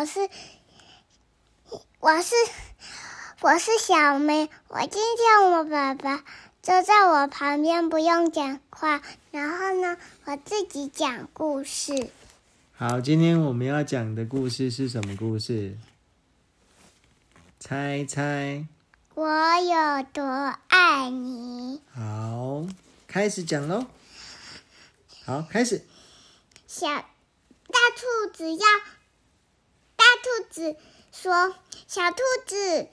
我是我是我是小梅，我今天我爸爸就在我旁邊，不用講話。然後呢，我自己講故事。好，今天我們要講的故事是什麼故事？猜猜我有多愛你？好，開始講嘍。好，開始。小大兔子要。大兔子說：“小兔子，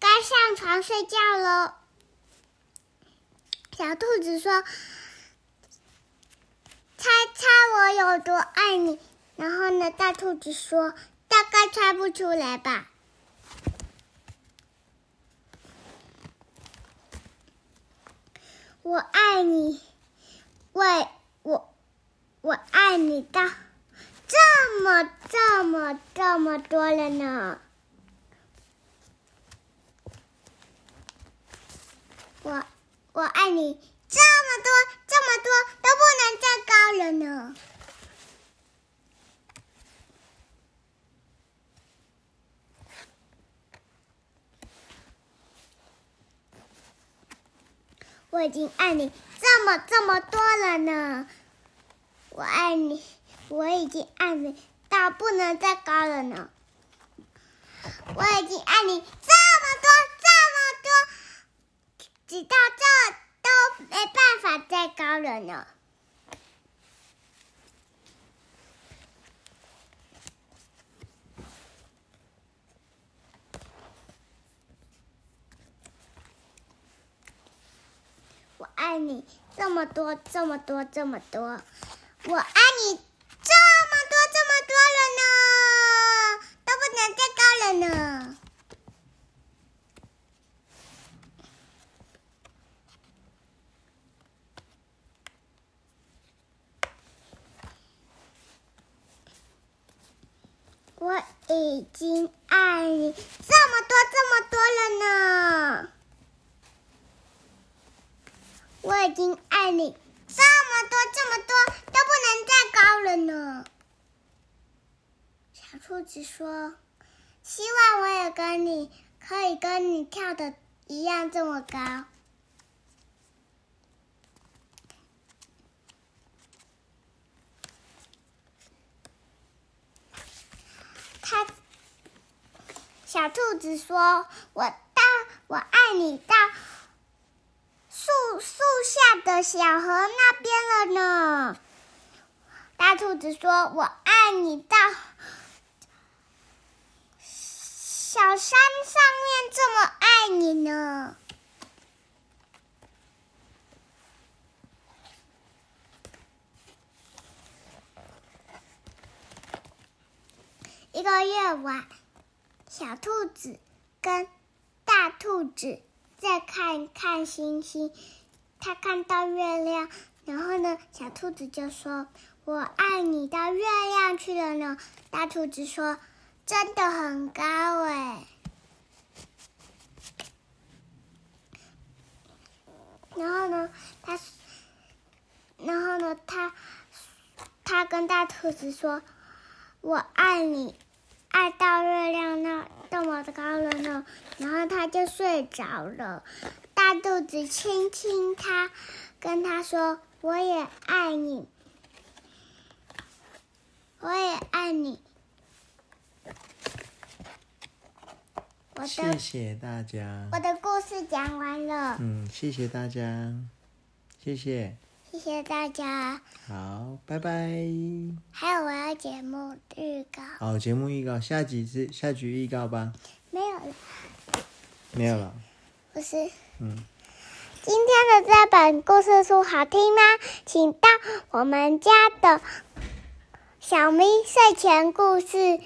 該上床睡覺嘍。”小兔子說：“猜猜我有多愛你？”然後呢，大兔子說：“大概猜不出來吧。”我愛你，喂，我，我愛你的。這麼這麼這麼多了呢，我我愛你這麼多這麼多，都不能再高了呢。我已經愛你這麼這麼多了呢，我愛你。我已經愛你到不能再高了呢！我已經愛你這麼多這麼多，直到這都沒辦法再高了呢。我愛你這麼多這麼多這麼多，我愛你。這麼多，這麼多了呢，都不能再高了呢。我已經愛你這麼多，這麼多了呢。 我已經愛你這麼多，這麼多。太高了呢，小兔子說：“希望我也跟你可以跟你跳的一樣這麼高。”它，小兔子說：“我到，我愛你到樹樹下的小河那邊了呢。”兔子說：“我愛你到小山上面，這麼愛你呢。”一個夜晚，小兔子跟大兔子在看看星星，他看到月亮，然後呢，小兔子就說。我愛你到月亮去了呢，大兔子說：“真的很高哎。”然後呢，他，然後呢，他，他跟大兔子說：“我愛你，愛到月亮那那麼高了呢。”然後他就睡着了，大兔子親親他，跟他說：“我也愛你。”你，我的謝謝大家。我的故事講完了。嗯，謝謝大家，謝謝，謝謝大家。好，拜拜。還有，我要節目預告。好、哦、節目預告，下集是下集預告吧？沒有了，沒有了。不是、嗯，今天的這本故事書好聽嗎？請到我們家的。小咪睡前故事。